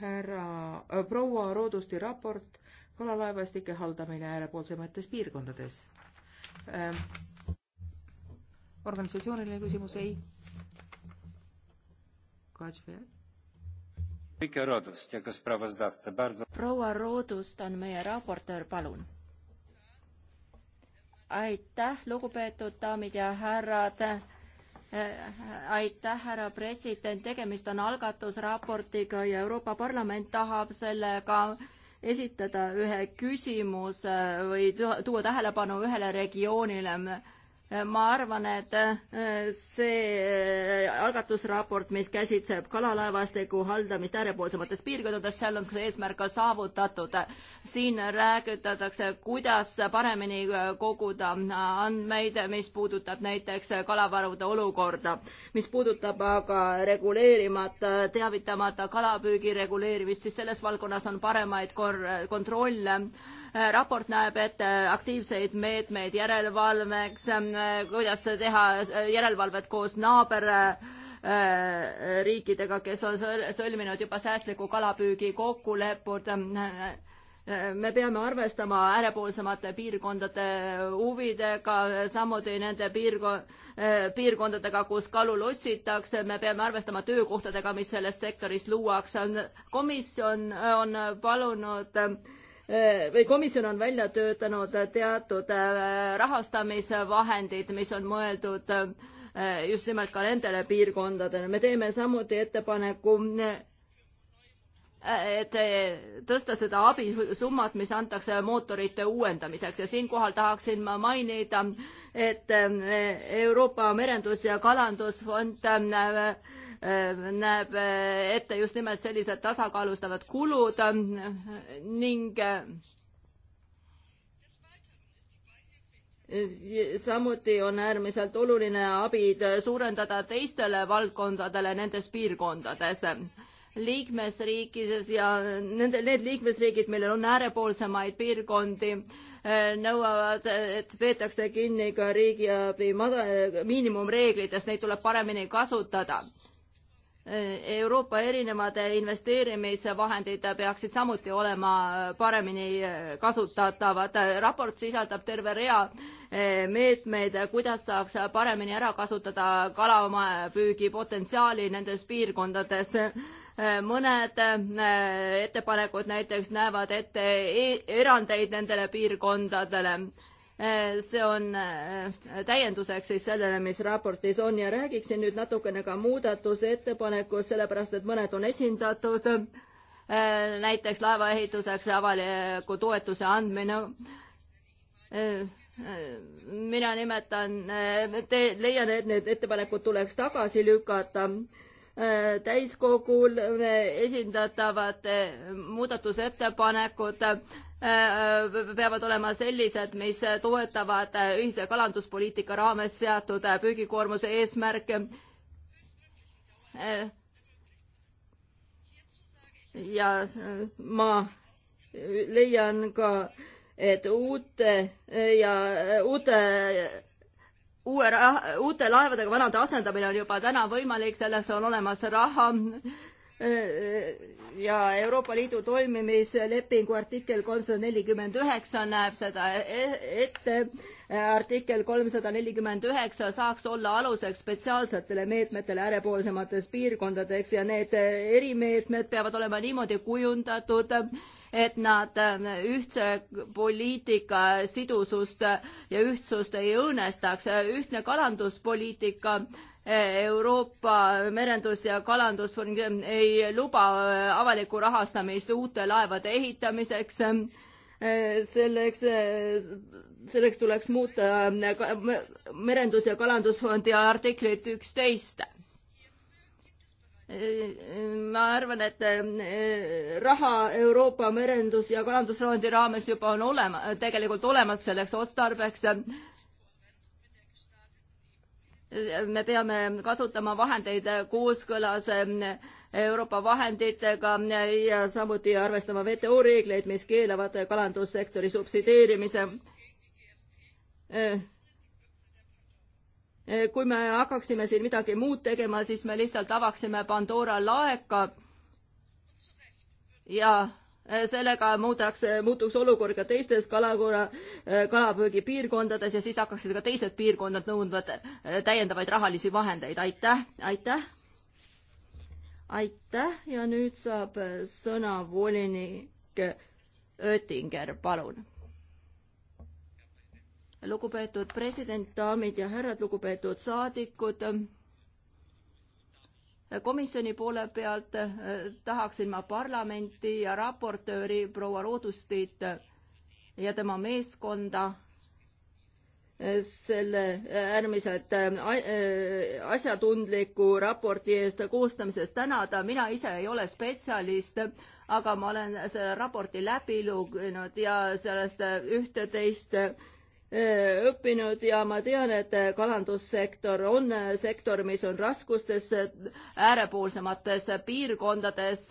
härra äh,, proua Roodusti raport kalalaevastike haldamine äärepoolsemates piirkondades äh,. organisatsiooniline küsimus ei. proua Roodust on meie raportöör, palun aitäh, lugupeetud daamid ja härrad Äh, aitäh, härra president, tegemist on algatusraportiga ja Euroopa Parlament tahab sellega esitada ühe küsimuse või tuua tähelepanu ühele regioonile ma arvan, et äh, see äh, algatusraport, mis käsitleb kalalaevastiku haldamist äärepoolsemates piirkondades, seal on see eesmärk ka saavutatud. siin räägitakse, kuidas paremini äh, koguda andmeid, mis puudutab näiteks kalavarude olukorda, mis puudutab aga reguleerimata, teavitamata kalapüügi reguleerimist, siis selles valdkonnas on paremaid kor-, kontrolle. raport näeb ette aktiivseid meetmeid järelevalveks Äh, kuidas teha äh, järelevalvet koos naaberriikidega, äh, kes on sõlminud juba säästliku kalapüügi kokkulepud me peame arvestama äärepoolsemate piirkondade huvidega, samuti nende piirko-, piirkondadega, kus kalu lossitakse, me peame arvestama töökohtadega, mis selles sektoris luuakse. komisjon on palunud äh, Äh, või komisjon on välja töötanud teatud äh, rahastamisvahendid, mis on mõeldud äh, just nimelt ka nendele piirkondadele. me teeme samuti ettepaneku et tõsta seda abisummat, mis antakse mootorite uuendamiseks ja siinkohal tahaksin ma mainida, et Euroopa Merendus- ja Kalandusfond Äh, näeb äh, ette just nimelt sellised tasakaalustavad kulud äh, ning samuti on äärmiselt oluline abid suurendada teistele valdkondadele nendes piirkondades liikmesriikides ja nende, need liikmesriigid, millel on äärepoolsemaid piirkondi, nõuavad, et peetakse kinni ka riigiabi miinimumreeglitest, neid tuleb paremini kasutada Euroopa erinevad investeerimisvahendid peaksid samuti olema paremini kasutatavad. raport sisaldab terve rea eh, meetmeid, kuidas saaks paremini ära kasutada kalapüügi potentsiaali nendes piirkondades. Eh, mõned eh, ettepanekud näiteks näevad ette e-, erandeid nendele piirkondadele Eh, see on eh, täienduseks siis sellele, mis raportis on ja räägiksin nüüd natukene ka muudatusettepanekust, sellepärast et mõned on esindatud, eh, näiteks laevaehituseks avaliku toetuse andmine mina nimetan, leian, et need ettepanekud tuleks tagasi lükata. täiskogul esindatavad muudatusettepanekud peavad olema sellised, mis toetavad ühise kalanduspoliitika raames seatud püügikoormuse eesmärke. ja ma leian ka, et uute ja uute uue, uute laevadega vanade asendamine on juba täna võimalik, selleks on olemas raha ja Euroopa Liidu toimimislepingu artikkel kolmsada nelikümmend üheksa näeb seda e-, ette. artikkel kolmsada nelikümmend üheksa saaks olla aluseks spetsiaalsetele meetmetele äärepoolsemates piirkondades ja need erimeetmed peavad olema niimoodi kujundatud, et nad ühtse poliitika sidusust ja ühtsust ei õõnestaks. ühtne kalanduspoliitika Euroopa Merendus- ja Kalandusfond ei luba äh, avalikku rahastamist uute laevade ehitamiseks. selleks, äh, selleks tuleks muuta äh, Merendus- ja Kalandusfondi artiklit üksteist ma arvan, et raha Euroopa Merendus- ja Kalandusfondi raames juba on olema, tegelikult olemas selleks otstarbeks me peame kasutama vahendeid kooskõlas ähm, Euroopa vahenditega ja samuti arvestama WTO reegleid, mis keelavad kalandussektori subsideerimise äh, äh, kui me hakkaksime siin midagi muud tegema, siis me lihtsalt avaksime Pandora laeka ja Äh, sellega muudaks, muutuks olukord ka teistes kalakorra, äh, kalapüügipiirkondades ja siis hakkaksid ka teised piirkonnad nõudma äh, täiendavaid rahalisi vahendeid. aitäh, aitäh! aitäh ja nüüd saab sõna volinik Oettinger, palun. lugupeetud president, daamid ja härrad, lugupeetud saadikud komisjoni poole pealt eh, tahaksin ma parlamenti ja raportööri proua Roodustit ja tema meeskonda eh, selle äärmiselt eh, asjatundliku raporti eest koostamises tänada. mina ise ei ole spetsialist, aga ma olen selle raporti läbi lugenud ja sellest üht-teist Eh, õppinud ja ma tean, et eh, kalandussektor on eh, sektor, mis on raskustes äärepoolsemates piirkondades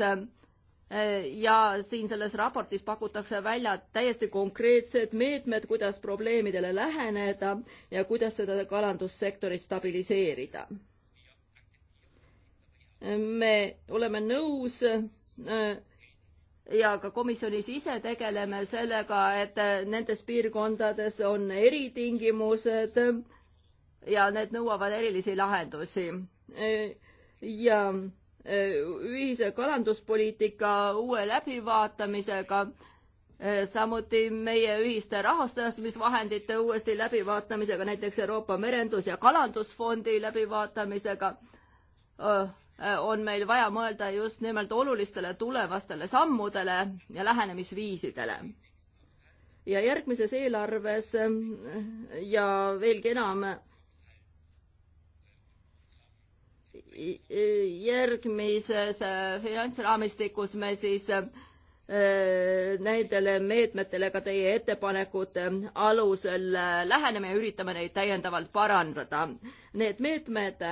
ja siin selles raportis pakutakse välja täiesti konkreetsed meetmed, kuidas probleemidele läheneda ja kuidas seda kalandussektorit stabiliseerida. me oleme nõus ja ka komisjonis ise tegeleme sellega, et nendes piirkondades on eritingimused ja need nõuavad erilisi lahendusi. ja e, ühise kalanduspoliitika uue läbivaatamisega, e, samuti meie ühiste rahastamisvahendite uuesti läbivaatamisega, näiteks Euroopa Merendus- ja Kalandusfondi läbivaatamisega e, Äh, on meil vaja mõelda just nimelt olulistele tulevastele sammudele ja lähenemisviisidele. ja järgmises eelarves äh, ja veelgi enam äh, järgmises finantsraamistikus me siis nendele meetmetele ka teie ettepanekute alusel läheneme ja üritame neid täiendavalt parandada. Need meetmed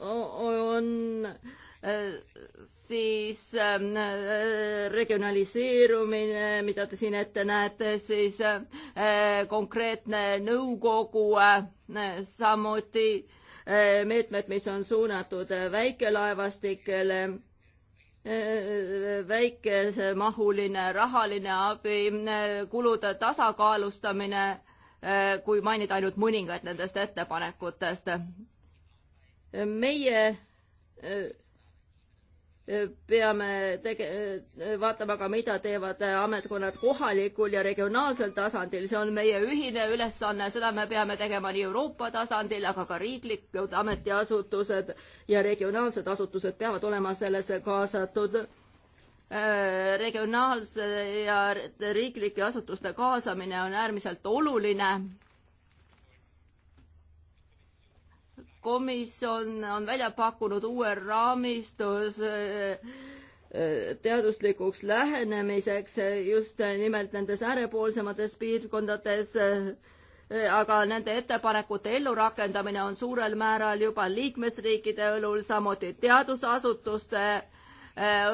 on e, siis e, regionaliseerumine, mida te siin ette näete, siis e, konkreetne nõukogu, samuti meetmed, mis on suunatud väikelaevastikele, väikesemahuline rahaline abi, kulude tasakaalustamine, kui mainida ainult mõningaid nendest ettepanekutest meie e, e, peame tege-, e, vaatama ka, mida teevad ametkonnad kohalikul ja regionaalsel tasandil, see on meie ühine ülesanne, seda me peame tegema nii Euroopa tasandil, aga ka riiklikud ametiasutused ja regionaalsed asutused peavad olema sellesse kaasatud. Regionaalse ja riiklike asutuste kaasamine on äärmiselt oluline komisjon on välja pakkunud uue raamistuse eh, eh, teaduslikuks lähenemiseks just nimelt nendes äärepoolsemates piirkondades, eh, aga nende ettepanekute ellurakendamine on suurel määral juba liikmesriikide õlul, samuti teadusasutuste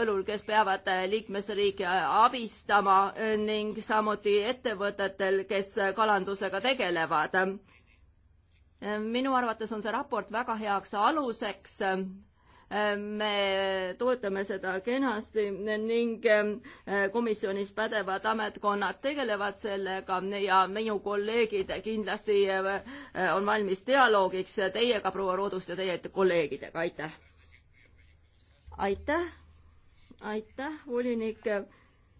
õlul, kes peavad liikmesriike abistama ning samuti ettevõtetel, kes kalandusega tegelevad minu arvates on see raport väga heaks aluseks me toetame seda kenasti ning ehm, komisjonis pädevad ametkonnad tegelevad sellega ja minu kolleegid kindlasti ehm, on valmis dialoogiks teiega, proua Roodust ja teie kolleegidega, aitäh. aitäh, aitäh, volinik.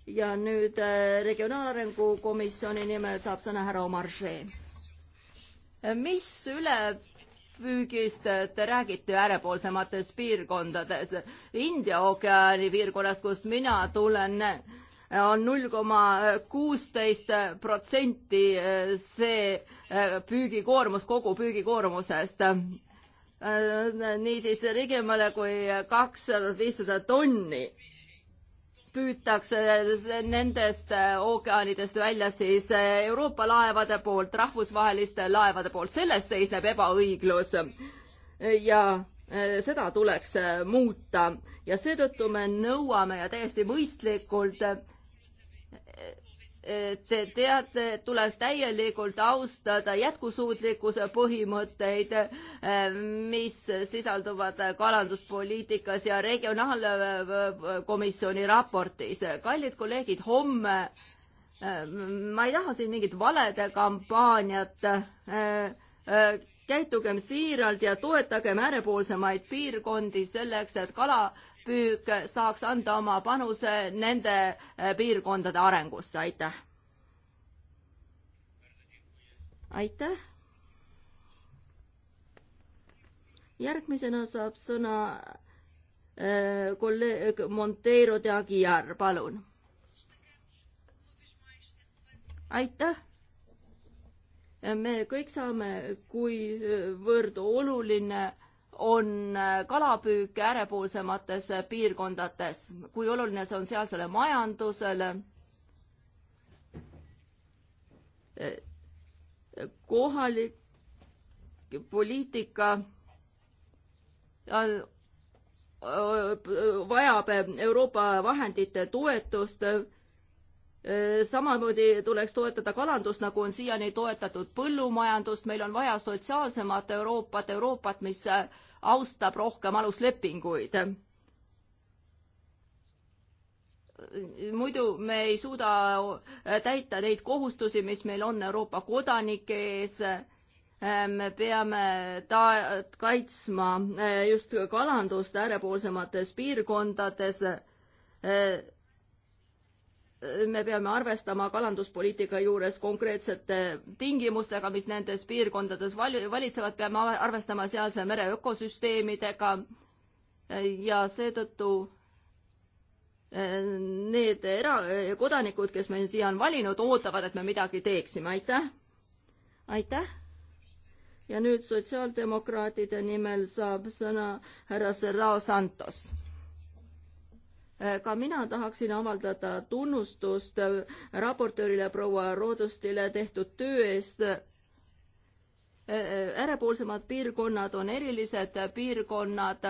ja nüüd ehm, Regionaalarengu Komisjoni nimel saab sõna härra Omar Žee mis ülepüügist te räägite äärepoolsemates piirkondades? India ookeani piirkonnast, kust mina tulen, on null koma kuusteist protsenti see eh, püügikoormus kogu püügikoormusest eh, niisiis ligemale kui kakssada, viissada tonni püütakse nendest äh, ookeanidest välja siis äh, Euroopa laevade poolt, rahvusvaheliste laevade poolt, selles seisneb ebaõiglus. ja äh, seda tuleks muuta ja seetõttu me nõuame ja täiesti mõistlikult, Te teate, et tuleb täielikult austada jätkusuutlikkuse põhimõtteid, eh, mis sisalduvad kalanduspoliitikas ja regionaalkomisjoni raportis. kallid kolleegid, homme eh, ma ei taha siin mingit valede kampaaniat eh, käitugem siiralt ja toetagem äärepoolsemaid piirkondi selleks, et kala välispüük saaks anda oma panuse nende äh, piirkondade arengusse, aitäh. aitäh. järgmisena saab sõna äh, kolleeg Monteiro de Aguiar, palun. aitäh me kõik saame, kuivõrd äh, oluline on äh, kalapüük äärepoolsemates äh, piirkondades, kui oluline see on sealsele majandusele. Äh, kohalik poliitika vajab Euroopa vahendite toetust. samamoodi tuleks toetada kalandust, nagu on siiani toetatud põllumajandust, meil on vaja sotsiaalsemat Euroopat, Euroopat, mis austab rohkem aluslepinguid. muidu me ei suuda täita neid kohustusi, mis meil on Euroopa kodanike ees me peame ta-, kaitsma just kalandust äärepoolsemates piirkondades me peame arvestama kalanduspoliitika juures konkreetsete tingimustega, mis nendes piirkondades val-, valitsevad, peame arvestama sealse mere ökosüsteemidega ja seetõttu eh, need era-, kodanikud, kes meil siia on valinud, ootavad, et me midagi teeksime, aitäh! aitäh! ja nüüd sotsiaaldemokraatide nimel saab sõna härra Serrao Santos ka mina tahaksin avaldada tunnustust raportöörile proua Roodustile tehtud töö eest. äärepoolsemad piirkonnad on erilised piirkonnad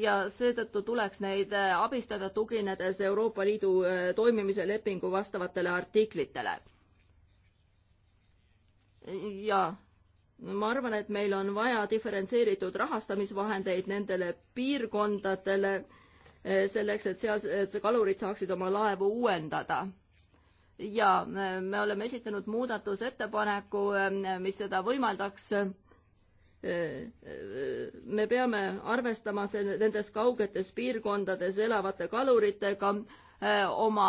ja seetõttu tuleks neid abistada, tuginedes Euroopa Liidu äh, toimimise lepingu vastavatele artiklitele. ja ma arvan, et meil on vaja diferentseeritud rahastamisvahendeid nendele piirkondadele Eh, selleks, et sealsed kalurid saaksid oma laevu uuendada ja eh, me oleme esitanud muudatusettepaneku, eh, mis seda võimaldaks. me peame arvestama selle, nendes kaugetes piirkondades elavate kaluritega oma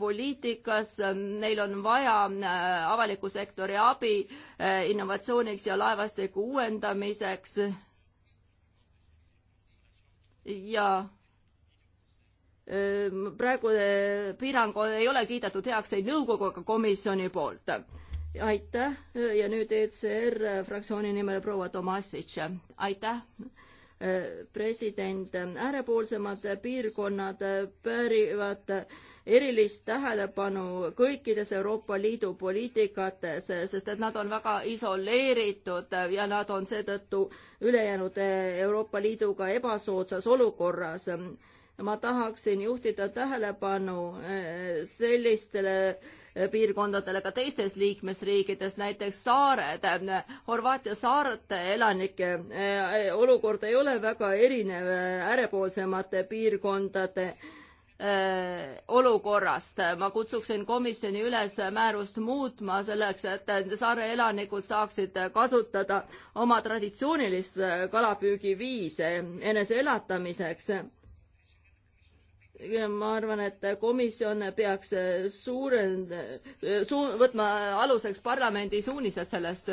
poliitikas, neil on vaja avaliku sektori abi innovatsiooniks ja laevastiku uuendamiseks ja ehm, praegu eh, piirang ei ole kiidetud heaks ei nõukogu ega komisjoni poolt. aitäh ja nüüd ECR fraktsiooni nimel proua Tomasic, aitäh. Eh, president, äärepoolsemad piirkonnad eh, pärivad erilist tähelepanu kõikides Euroopa Liidu poliitikates, sest et nad on väga isoleeritud ja nad on seetõttu ülejäänud Euroopa Liiduga ebasoodsas olukorras ma tahaksin juhtida tähelepanu eh, sellistele eh, piirkondadele ka teistes liikmesriikides, näiteks saared, Horvaatia saarte elanike eh, olukord ei ole väga erinev äärepoolsemate piirkondade Äh, olukorrast. ma kutsuksin komisjoni üles määrust muutma selleks, et saare elanikud saaksid kasutada oma traditsioonilist äh, kalapüügiviise eneseelatamiseks. ma arvan, et komisjon peaks suurend-, suu-, võtma aluseks parlamendi suunised sellest.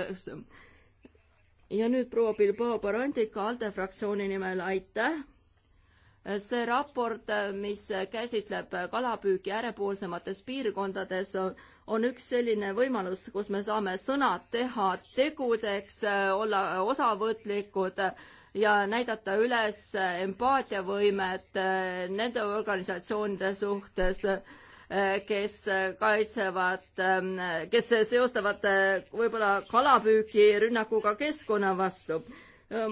ja nüüd proua Bilbao Barandika ALDE fraktsiooni nimel, aitäh see raport, mis käsitleb kalapüüki äärepoolsemates piirkondades, on üks selline võimalus, kus me saame sõnad teha tegudeks, olla osavõtlikud ja näidata üles empaatiavõimet eh, nende organisatsioonide suhtes, eh, kes kaitsevad, eh, kes seostavad võib-olla kalapüüki rünnakuga keskkonna vastu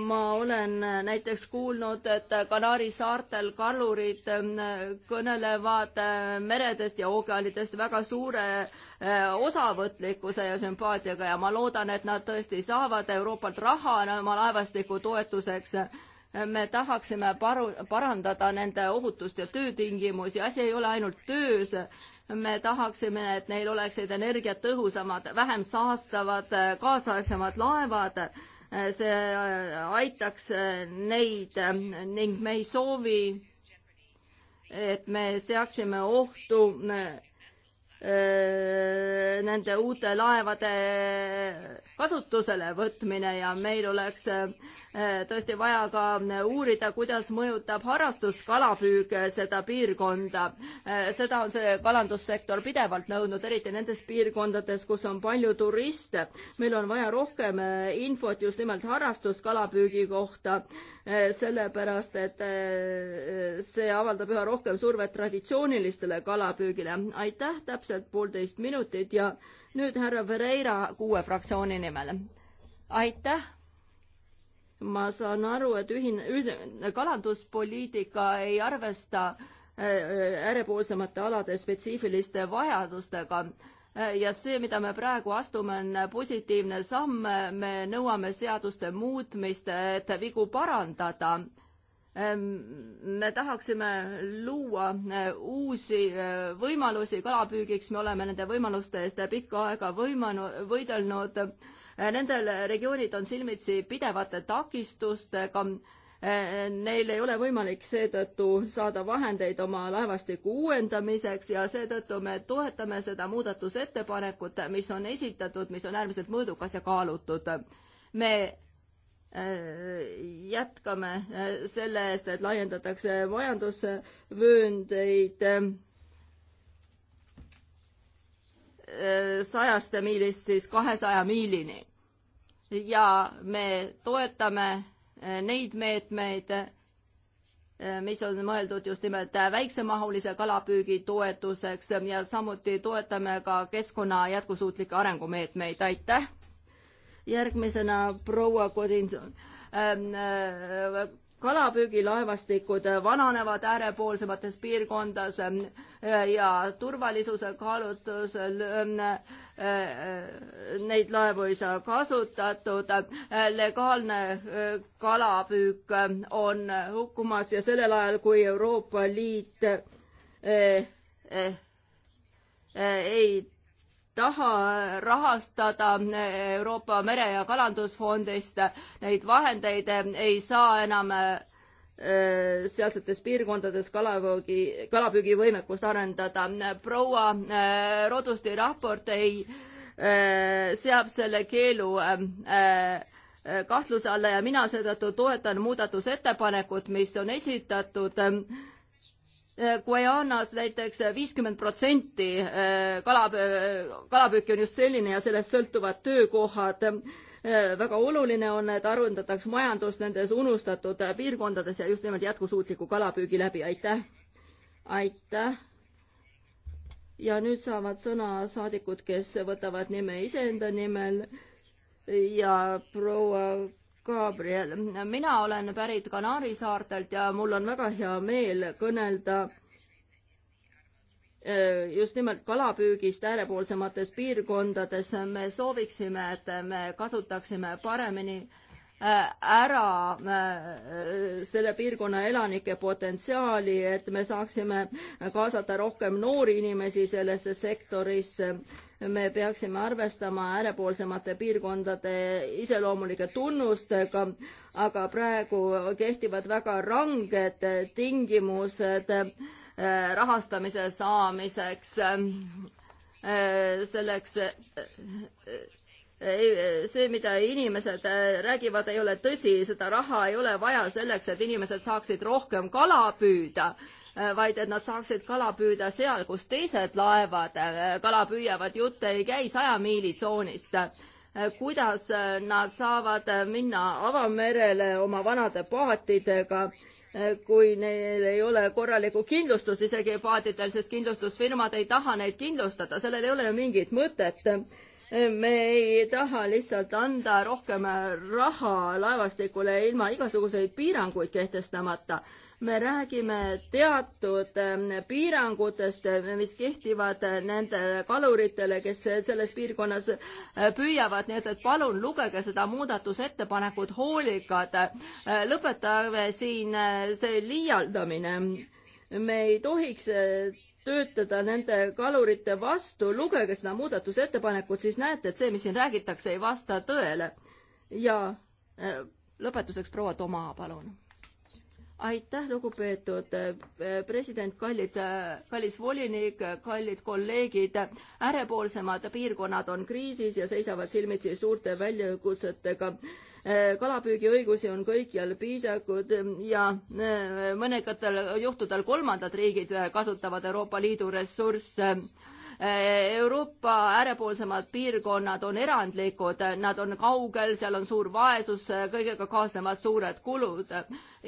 ma olen näiteks kuulnud, et Kanaari saartel kalurid äh, kõnelevad äh, meredest ja ookeanidest väga suure äh, osavõtlikkuse ja sümpaatiaga ja ma loodan, et nad tõesti saavad Euroopalt raha oma laevastiku toetuseks me tahaksime paru-, parandada nende ohutust ja töötingimusi, asi ei ole ainult töös, me tahaksime, et neil oleksid energiatõhusamad, vähem saastavad, kaasaegsemad laevad see äh, aitaks äh, neid äh, ning me ei soovi, et me seaksime ohtu Äh, nende uute laevade kasutusele võtmine ja meil oleks äh, tõesti vaja ka uurida, kuidas mõjutab harrastuskalapüük seda piirkonda. Äh, seda on see kalandussektor pidevalt nõudnud, eriti nendes piirkondades, kus on palju turiste. meil on vaja rohkem infot just nimelt harrastuskalapüügi kohta, sellepärast et see avaldab üha rohkem survet traditsioonilistele kalapüügile. aitäh täpselt täpselt poolteist minutit ja nüüd härra Pereira kuue fraktsiooni nimel. aitäh! ma saan aru, et ühine, ühine kalanduspoliitika ei arvesta äärepoolsemate äh, äh, alade spetsiifiliste vajadustega äh, ja see, mida me praegu astume, on positiivne samm, me nõuame seaduste muutmist, et vigu parandada Ehm, me tahaksime luua eh, uusi eh, võimalusi kalapüügiks, me oleme nende võimaluste eest pikka aega võimanu-, võidelnud. Eh, nendel regioonid on silmitsi pidevate takistustega. Neil ei ole võimalik seetõttu saada vahendeid oma laevastiku uuendamiseks ja seetõttu me toetame seda muudatusettepanekut, mis on esitatud, mis on äärmiselt mõõdukas ja kaalutud. me Äh, jätkame äh, selle eest, et laiendatakse majandusvööndeid äh, sajast miilist siis kahesaja miilini. ja me toetame neid meetmeid, mis on mõeldud just nimelt väiksemahulise kalapüügi toetuseks ja samuti toetame ka keskkonna jätkusuutlikke arengumeetmeid, aitäh! järgmisena proua Kodinson ähm,. Äh, kalapüügilaevastikud vananevad äärepoolsemates piirkondades ähm, ja turvalisuse kaalutlusel äh, äh, neid laevu ei saa kasutatud. legaalne kalapüük ähm, on hukkumas ja sellel ajal, kui Euroopa Liit ei taha rahastada Euroopa Mere- ja Kalandusfondist neid vahendeid, ei saa enam äh, sealsetes piirkondades kalavoogi, kalapüügivõimekust arendada. proua äh, Rodusti raport ei, äh, seab selle keelu kahtluse alla ja mina seetõttu toetan muudatusettepanekut, mis on esitatud Äh, Guajanas näiteks viiskümmend protsenti äh, kala, äh, kalapüüki on just selline ja sellest sõltuvad töökohad. väga oluline on, et arvendataks majandust nendes unustatud piirkondades ja just nimelt jätkusuutliku kalapüügi läbi, aitäh. aitäh. ja nüüd saavad sõna saadikud, kes võtavad nime iseenda nimel ja proua Gabriel, mina olen pärit Kanaari saartelt ja mul on väga hea meel kõnelda eh, just nimelt kalapüügist äärepoolsemates piirkondades. me sooviksime, et me kasutaksime paremini Äh, ära äh, selle piirkonna elanike potentsiaali, et me saaksime kaasata rohkem noori inimesi sellesse sektorisse. me peaksime arvestama äärepoolsemate piirkondade iseloomulike tunnustega, aga praegu kehtivad väga ranged tingimused äh, rahastamise saamiseks selleks see, mida inimesed äh, räägivad, ei ole tõsi, seda raha ei ole vaja selleks, et inimesed saaksid rohkem kala püüda äh, vaid et nad saaksid kala püüda seal, kus teised laevad äh, kala püüavad, jutt ei käi saja miili tsoonist. kuidas nad saavad minna avamerele oma vanade paatidega, kui neil ei ole korralikku kindlustust isegi paatidel, sest kindlustusfirmad ei taha neid kindlustada, sellel ei ole ju mingit mõtet me ei taha lihtsalt anda rohkem raha laevastikule ilma igasuguseid piiranguid kehtestamata. me räägime teatud ähm, piirangutest, mis kehtivad nende kaluritele, kes selles piirkonnas äh, püüavad, nii et, et palun lugege seda muudatusettepanekut hoolikalt. Äh, lõpetame siin äh, see liialdamine me ei tohiks töötada nende kalurite vastu, lugege seda muudatusettepanekut, siis näete, et see, mis siin räägitakse, ei vasta tõele. ja äh, lõpetuseks proua Toma, palun. aitäh, lugupeetud äh, president, kallid, äh, kallis volinik, kallid kolleegid. äärepoolsemad piirkonnad on kriisis ja seisavad silmitsi suurte väljakutsetega kalapüügiõigusi on kõikjal piisakud ja e, mõningatel juhtudel kolmandad riigid kasutavad Euroopa Liidu ressursse Euroopa äärepoolsemad piirkonnad on erandlikud, nad on kaugel, seal on suur vaesus, kõigega kaasnevad suured kulud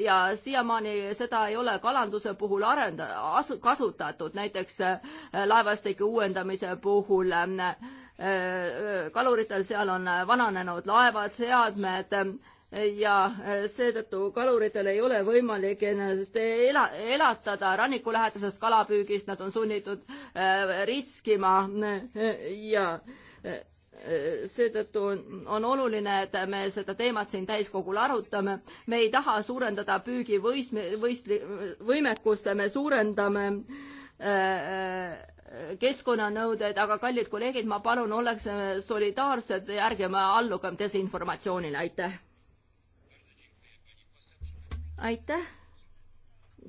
ja siiamaani seda ei ole kalanduse puhul arenda-, asu-, kasutatud, näiteks äh, laevastike uuendamise puhul äh, äh, kaluritel seal on vananenud laevad, seadmed ja eh, seetõttu kaluritel ei ole võimalik ennast ela, elatada rannikulähedasest kalapüügist, nad on sunnitud eh, riskima eh, ja seetõttu on, on oluline, et me seda teemat siin täiskogul arutame. me ei taha suurendada püügivõis-, võistli-, võimekust, me suurendame äh, keskkonnanõudeid, aga kallid kolleegid, ma palun, oleks solidaarsed, ärgem allugem desinformatsioonile, aitäh! aitäh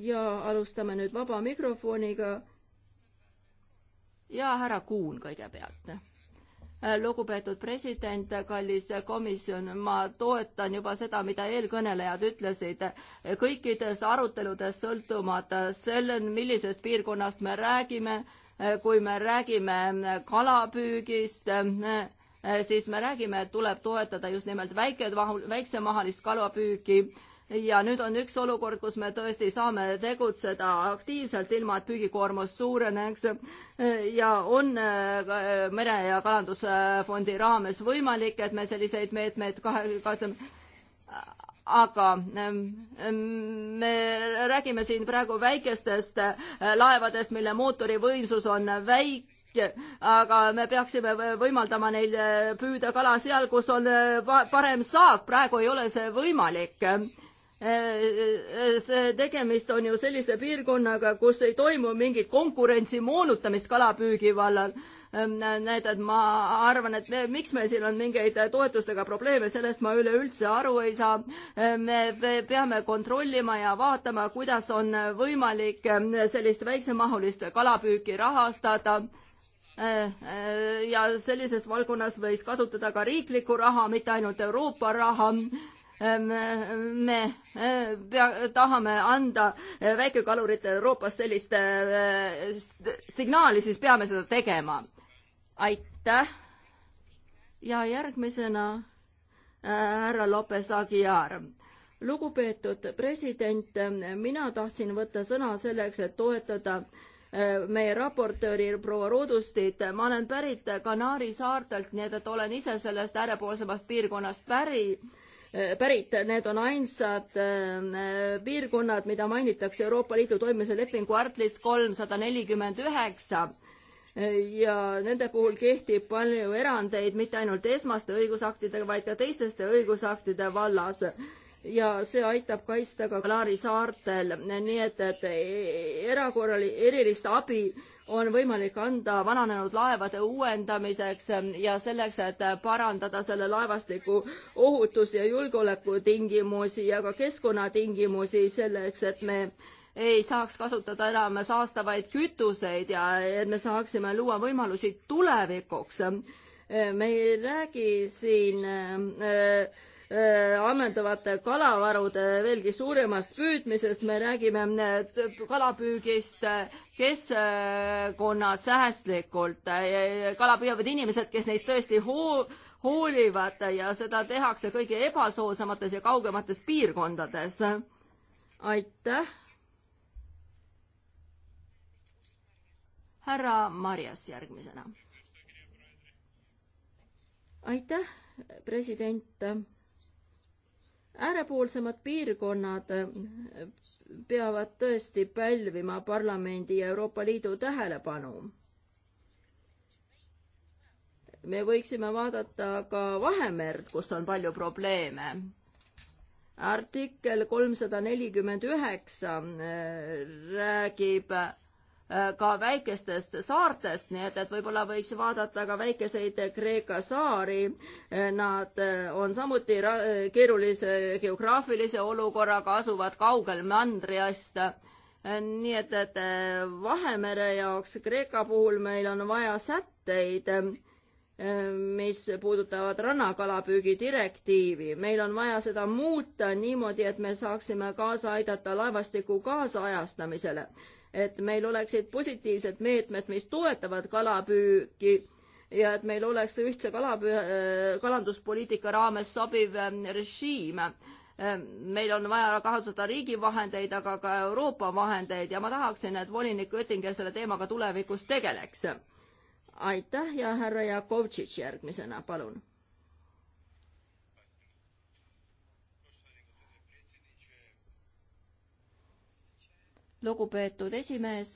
ja alustame nüüd vaba mikrofoniga. ja härra Kuun kõigepealt äh, lugupeetud president, kallis komisjon, ma toetan juba seda, mida eelkõnelejad ütlesid. kõikides aruteludes sõltumata sellel, millisest piirkonnast me räägime, äh, kui me räägime äh, kalapüügist, siis me räägime, et tuleb toetada just nimelt väike, väiksemahalist kalapüüki ja nüüd on üks olukord, kus me tõesti saame tegutseda aktiivselt, ilma et püügikoormus suureneks ja on äh, mere- ja kalandusfondi raames võimalik, et me selliseid meetmeid kahe, kaasame aga ähm, ähm, me räägime siin praegu väikestest äh, laevadest, mille mootori võimsus on väike, aga me peaksime võimaldama neil äh, püüda kala seal, kus on parem saak, praegu ei ole see võimalik see äh, äh, äh, tegemist on ju sellise piirkonnaga, kus ei toimu mingit konkurentsi moonutamist kalapüügi vallal. näed, et ma arvan, et me, miks meil siin on mingeid toetustega probleeme, sellest ma üleüldse aru ei saa. me peame kontrollima ja vaatama, kuidas on võimalik sellist väiksemahulist kalapüüki rahastada ja sellises valdkonnas võiks kasutada ka riiklikku raha, mitte ainult Euroopa raha Ehm, me eh, pea, tahame anda eh, väikekaluritele Euroopas sellist eh, signaali, siis peame seda tegema. aitäh. ja järgmisena härra Lopes Aguiar lugupeetud president, mina tahtsin võtta sõna selleks, et toetada meie raportööri proua Roodustit, ma olen pärit Kanaari saartelt, nii et, et olen ise sellest äärepoolsemast piirkonnast päri Eh, pärit. Need on ainsad eh, piirkonnad, mida mainitakse Euroopa Liidu toimimise lepingu artlis kolmsada nelikümmend üheksa eh, ja nende puhul kehtib palju erandeid, mitte ainult esmaste õigusaktidega, vaid ka teisteste õigusaktide vallas ja see aitab kaitsta ka Kalaari saartel, nii et, et erakorrali-, erilist abi on võimalik anda vananenud laevade uuendamiseks ja selleks, et parandada selle laevastiku ohutus- ja julgeolekutingimusi ja ka keskkonnatingimusi selleks, et me ei saaks kasutada enam saastavaid kütuseid ja et me saaksime luua võimalusi tulevikuks. me ei räägi siin äh, Äh, ammendavate kalavarude veelgi suuremast püüdmisest, me räägime äh, kalapüügist äh, keskkonna säästlikult. kala püüavad inimesed, kes neist tõesti hoo-, hoolivad ja seda tehakse kõige ebasoodsamates ja kaugemates piirkondades. aitäh. härra Marjas järgmisena. aitäh, president äärepoolsemad piirkonnad äh, peavad tõesti pälvima parlamendi ja Euroopa Liidu tähelepanu. me võiksime vaadata ka Vahemerd, kus on palju probleeme. artikkel kolmsada nelikümmend üheksa äh, räägib Äh, ka väikestest saartest, nii et, et võib-olla võiks vaadata ka väikeseid Kreeka saari. Äh, nad äh, on samuti keerulise geograafilise olukorraga, asuvad kaugel mandriast. nii et, et Vahemere jaoks Kreeka puhul meil on vaja sätteid, mis puudutavad rannakalapüügi direktiivi. meil on vaja seda muuta niimoodi, et me saaksime kaasa aidata laevastiku kaasajastamisele et meil oleksid positiivsed meetmed, mis toetavad kalapüüki ja et meil oleks ühtse kalapüü-, kalanduspoliitika raames sobiv ähm, režiim ähm, meil on vaja kasutada riigi vahendeid, aga ka Euroopa vahendeid ja ma tahaksin, et volinik Oettinger selle teemaga tulevikus tegeleks. aitäh ja härra Jakovtšitš järgmisena, palun. lugupeetud esimees.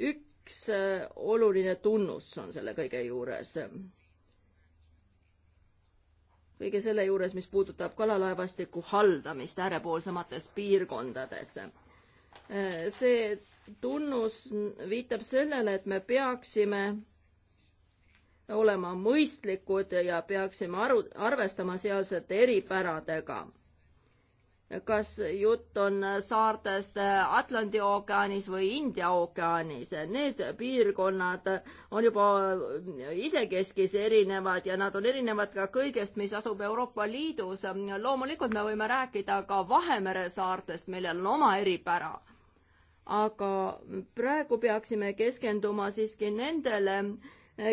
üks äh, oluline tunnus on selle kõige juures. kõige selle juures, mis puudutab kalalaevastiku haldamist äärepoolsemates piirkondades. Äh, see tunnus viitab sellele, et me peaksime olema mõistlikud ja peaksime aru, arvestama sealsete eripäradega kas jutt on saartest Atlandi ookeanis või India ookeanis. Need piirkonnad on juba isekeskis erinevad ja nad on erinevad ka kõigest, mis asub Euroopa Liidus. loomulikult me võime rääkida ka Vahemere saartest, millel on oma eripära. aga praegu peaksime keskenduma siiski nendele,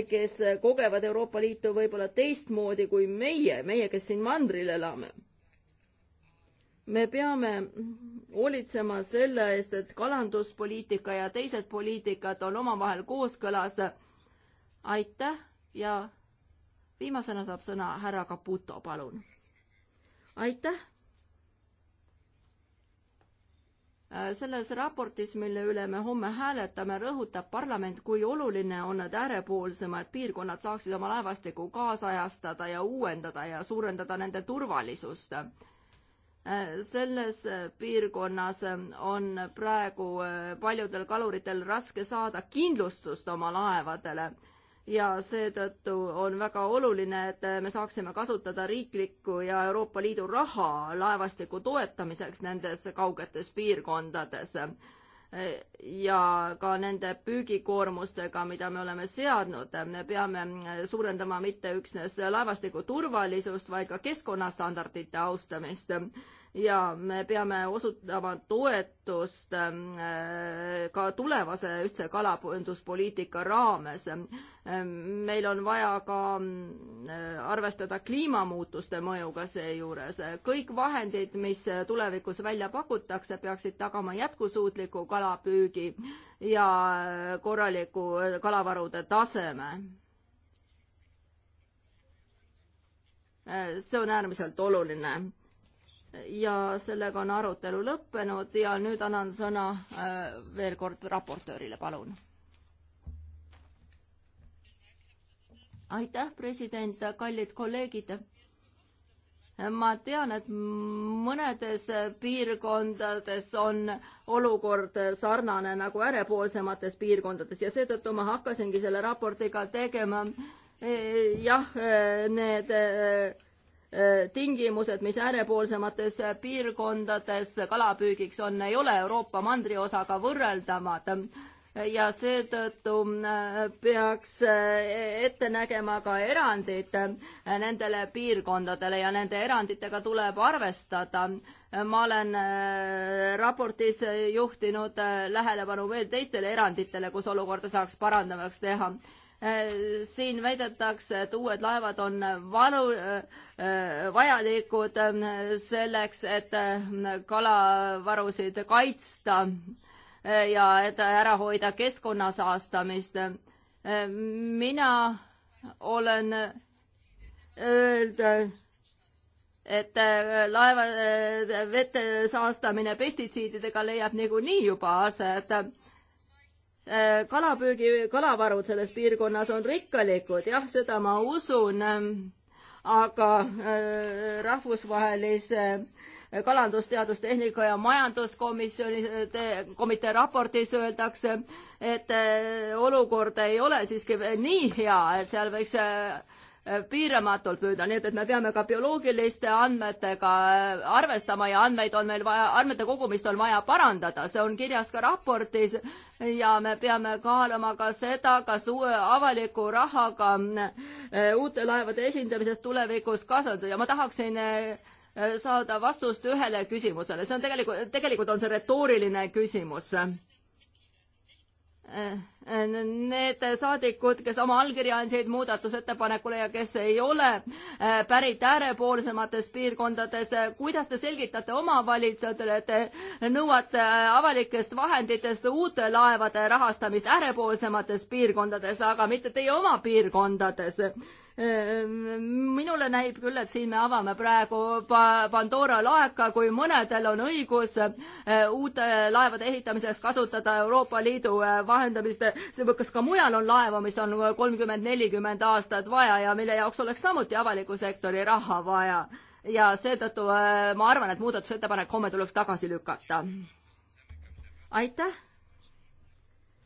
kes kogevad Euroopa Liitu võib-olla teistmoodi kui meie, meie, kes siin mandril elame me peame hoolitsema selle eest, et kalanduspoliitika ja teised poliitikad on omavahel kooskõlas. aitäh ja viimasena saab sõna härra Caputo, palun. aitäh. selles raportis, mille üle me homme hääletame, rõhutab parlament, kui oluline on, et äärepoolsemad piirkonnad saaksid oma laevastikku kaasajastada ja uuendada ja suurendada nende turvalisust selles piirkonnas on praegu paljudel kaluritel raske saada kindlustust oma laevadele ja seetõttu on väga oluline, et me saaksime kasutada riiklikku ja Euroopa Liidu raha laevastiku toetamiseks nendes kaugetes piirkondades ja ka nende püügikoormustega, mida me oleme seadnud, me peame suurendama mitte üksnes laevastiku turvalisust, vaid ka keskkonnastandardite austamist ja me peame osutama toetust ähm, äh, ka tulevase ühtse kalapõnduspoliitika raames. Ähm, meil on vaja ka mm, äh, arvestada kliimamuutuste mõjuga seejuures. kõik vahendid, mis tulevikus välja pakutakse, peaksid tagama jätkusuutliku kalapüügi ja äh, korraliku kalavarude taseme see on äärmiselt oluline ja sellega on arutelu lõppenud ja nüüd annan sõna äh, veel kord raportöörile, palun. aitäh, president, kallid kolleegid. ma tean, et mõnedes piirkondades on olukord sarnane nagu äärepoolsemates piirkondades ja seetõttu ma hakkasingi selle raportiga tegema. Eh, jah, eh, need eh, Äh, tingimused, mis äärepoolsemates piirkondades kalapüügiks on, ei ole Euroopa mandriosaga võrreldavad ja seetõttu äh, peaks äh, ette nägema ka erandid nendele piirkondadele ja nende eranditega tuleb arvestada. ma olen raportis juhtinud tähelepanu veel teistele eranditele, kus olukorda saaks parandavaks teha Äh, siin väidetakse, et uued laevad on valu, äh, äh, vajalikud selleks, et kalavarusid kaitsta ja et ära hoida keskkonna saastamist. mina olen öelda, et laeva vete saastamine pestitsiididega leiab niikuinii juba aset Äh, kalapüügi, kalavarud selles piirkonnas on rikkalikud, jah, seda ma usun, ähm, aga äh, rahvusvahelise äh, kalandusteadustehnika ja majanduskomisjoni, komitee raportis öeldakse, et olukord ei ole siiski nii hea, et seal võiks Äh, piiramatult püüda, nii et, et me peame ka bioloogiliste andmetega äh, arvestama ja andmeid on meil vaja, andmete kogumist on vaja parandada, see on kirjas ka raportis ja me peame kaaluma ka seda, kas uue avaliku rahaga äh, uute laevade esindamisest tulevikus kasvada ja ma tahaksin saada vastust ühele küsimusele, see on tegelikult, tegelikult on see retooriline küsimus Äh, äh, need saadikud, kes oma allkirja andsid muudatusettepanekule ja kes ei ole äh, pärit äärepoolsemates piirkondades, kuidas te selgitate omavalitsejatele, et te nõuate avalikest vahenditest uute laevade rahastamist äärepoolsemates piirkondades, aga mitte teie oma piirkondades? minule näib küll, et siin me avame praegu Pandora laeka, kui mõnedel on õigus eh, uute laevade ehitamiseks kasutada Euroopa Liidu eh, vahendamist, kas ka mujal on laevu, mis on kolmkümmend, nelikümmend aastat vaja ja mille jaoks oleks samuti avaliku sektori raha vaja ja seetõttu eh, ma arvan, et muudatusettepanek homme tuleks tagasi lükata. aitäh